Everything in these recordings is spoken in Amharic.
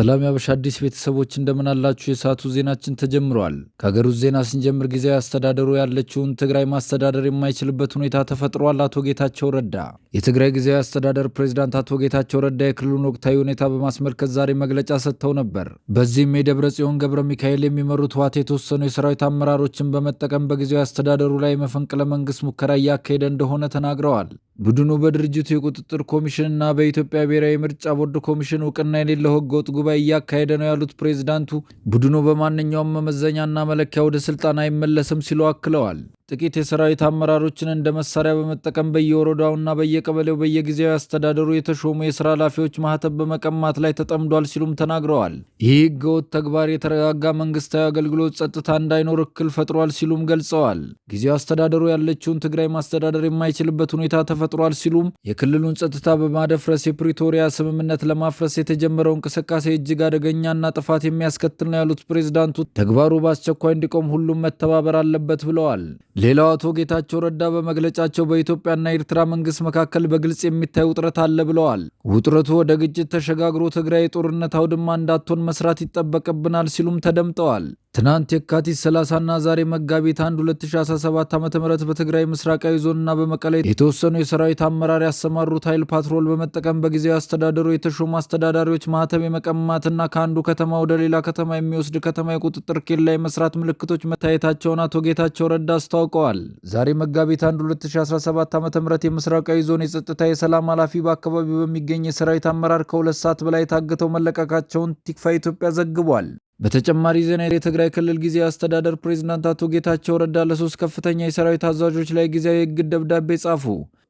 ሰላም ያበሻ አዲስ ቤተሰቦች እንደምን አላችሁ? የሰዓቱ ዜናችን ተጀምረዋል። ከሀገር ውስጥ ዜና ስንጀምር ጊዜያዊ አስተዳደሩ ያለችውን ትግራይ ማስተዳደር የማይችልበት ሁኔታ ተፈጥሯል። አቶ ጌታቸው ረዳ የትግራይ ጊዜያዊ አስተዳደር ፕሬዚዳንት አቶ ጌታቸው ረዳ የክልሉን ወቅታዊ ሁኔታ በማስመልከት ዛሬ መግለጫ ሰጥተው ነበር። በዚህም የደብረ ጽዮን ገብረ ሚካኤል የሚመሩት ህወሓት የተወሰኑ የሰራዊት አመራሮችን በመጠቀም በጊዜያዊ አስተዳደሩ ላይ መፈንቅለ መንግስት ሙከራ እያካሄደ እንደሆነ ተናግረዋል። ቡድኑ በድርጅቱ የቁጥጥር ኮሚሽን እና በኢትዮጵያ ብሔራዊ ምርጫ ቦርድ ኮሚሽን እውቅና የሌለው ህገወጥ ጉባኤ እያካሄደ ነው ያሉት ፕሬዝዳንቱ ቡድኑ በማንኛውም መመዘኛና መለኪያ ወደ ስልጣን አይመለስም ሲሉ አክለዋል። ጥቂት የሰራዊት አመራሮችን እንደ መሳሪያ በመጠቀም በየወረዳውና በየቀበሌው በየጊዜያዊ አስተዳደሩ የተሾሙ የስራ ኃላፊዎች ማህተብ በመቀማት ላይ ተጠምዷል ሲሉም ተናግረዋል። ይህ ህገወጥ ተግባር የተረጋጋ መንግስታዊ አገልግሎት ጸጥታ እንዳይኖር እክል ፈጥሯል ሲሉም ገልጸዋል። ጊዜያዊ አስተዳደሩ ያለችውን ትግራይ ማስተዳደር የማይችልበት ሁኔታ ተፈጥሯል ሲሉም የክልሉን ጸጥታ በማደፍረስ የፕሪቶሪያ ስምምነት ለማፍረስ የተጀመረው እንቅስቃሴ እጅግ አደገኛና ጥፋት የሚያስከትል ነው ያሉት ፕሬዚዳንቱ ተግባሩ በአስቸኳይ እንዲቆም ሁሉም መተባበር አለበት ብለዋል። ሌላው አቶ ጌታቸው ረዳ በመግለጫቸው በኢትዮጵያና ኤርትራ መንግስት መካከል በግልጽ የሚታይ ውጥረት አለ ብለዋል። ውጥረቱ ወደ ግጭት ተሸጋግሮ ትግራይ የጦርነት አውድማ እንዳትሆን መስራት ይጠበቅብናል ሲሉም ተደምጠዋል። ትናንት የካቲት 30ና ዛሬ መጋቢት 1 2017 ም በትግራይ ምስራቃዊ ና በመቀሌ የተወሰኑ የሰራዊት አመራር ያሰማሩት ኃይል ፓትሮል በመጠቀም በጊዜያዊ አስተዳደሩ የተሾሙ አስተዳዳሪዎች ማህተም የመቀማትና ከአንዱ ከተማ ወደ ሌላ ከተማ የሚወስድ ከተማ የቁጥጥር ኬላ ላይ መስራት ምልክቶች መታየታቸውን አቶ ጌታቸው ረዳ አስታውቀዋል። ዛሬ መጋቢት 1 2017 ም የምስራቃዊ ዞን የጸጥታ የሰላም ኃላፊ በአካባቢው በሚገኝ የሰራዊት አመራር ከሁለት ሰዓት በላይ ታግተው መለቀቃቸውን ቲክፋ ኢትዮጵያ ዘግቧል። በተጨማሪ ዜና የትግራይ ክልል ጊዜ አስተዳደር ፕሬዝዳንት አቶ ጌታቸው ረዳ ለሶስት ከፍተኛ የሰራዊት አዛዦች ላይ ጊዜያዊ የእግድ ደብዳቤ ጻፉ።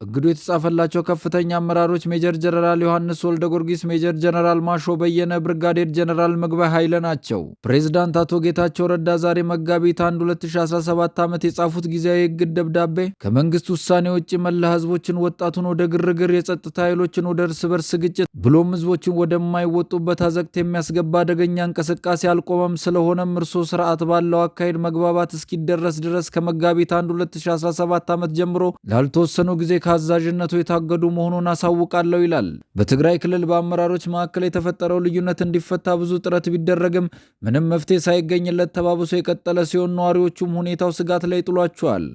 እግዱ የተጻፈላቸው ከፍተኛ አመራሮች ሜጀር ጀነራል ዮሐንስ ወልደ ጊዮርጊስ፣ ሜጀር ጀነራል ማሾ በየነ፣ ብርጋዴር ጀነራል ምግባይ ኃይለ ናቸው። ፕሬዚዳንት አቶ ጌታቸው ረዳ ዛሬ መጋቢት 1 2017 ዓመት የጻፉት ጊዜያዊ እግድ ደብዳቤ ከመንግስት ውሳኔ ውጭ መላ ህዝቦችን፣ ወጣቱን ወደ ግርግር፣ የጸጥታ ኃይሎችን ወደ እርስ በርስ ግጭት ብሎም ህዝቦችን ወደማይወጡበት አዘቅት የሚያስገባ አደገኛ እንቅስቃሴ አልቆመም። ስለሆነም እርሶ ስርዓት ባለው አካሄድ መግባባት እስኪደረስ ድረስ ከመጋቢት 1 2017 ዓመት ጀምሮ ላልተወሰኑ ጊዜ ከአዛዥነቱ የታገዱ መሆኑን አሳውቃለሁ ይላል። በትግራይ ክልል በአመራሮች መካከል የተፈጠረው ልዩነት እንዲፈታ ብዙ ጥረት ቢደረግም ምንም መፍትሄ ሳይገኝለት ተባብሶ የቀጠለ ሲሆን ነዋሪዎቹም ሁኔታው ስጋት ላይ ጥሏቸዋል።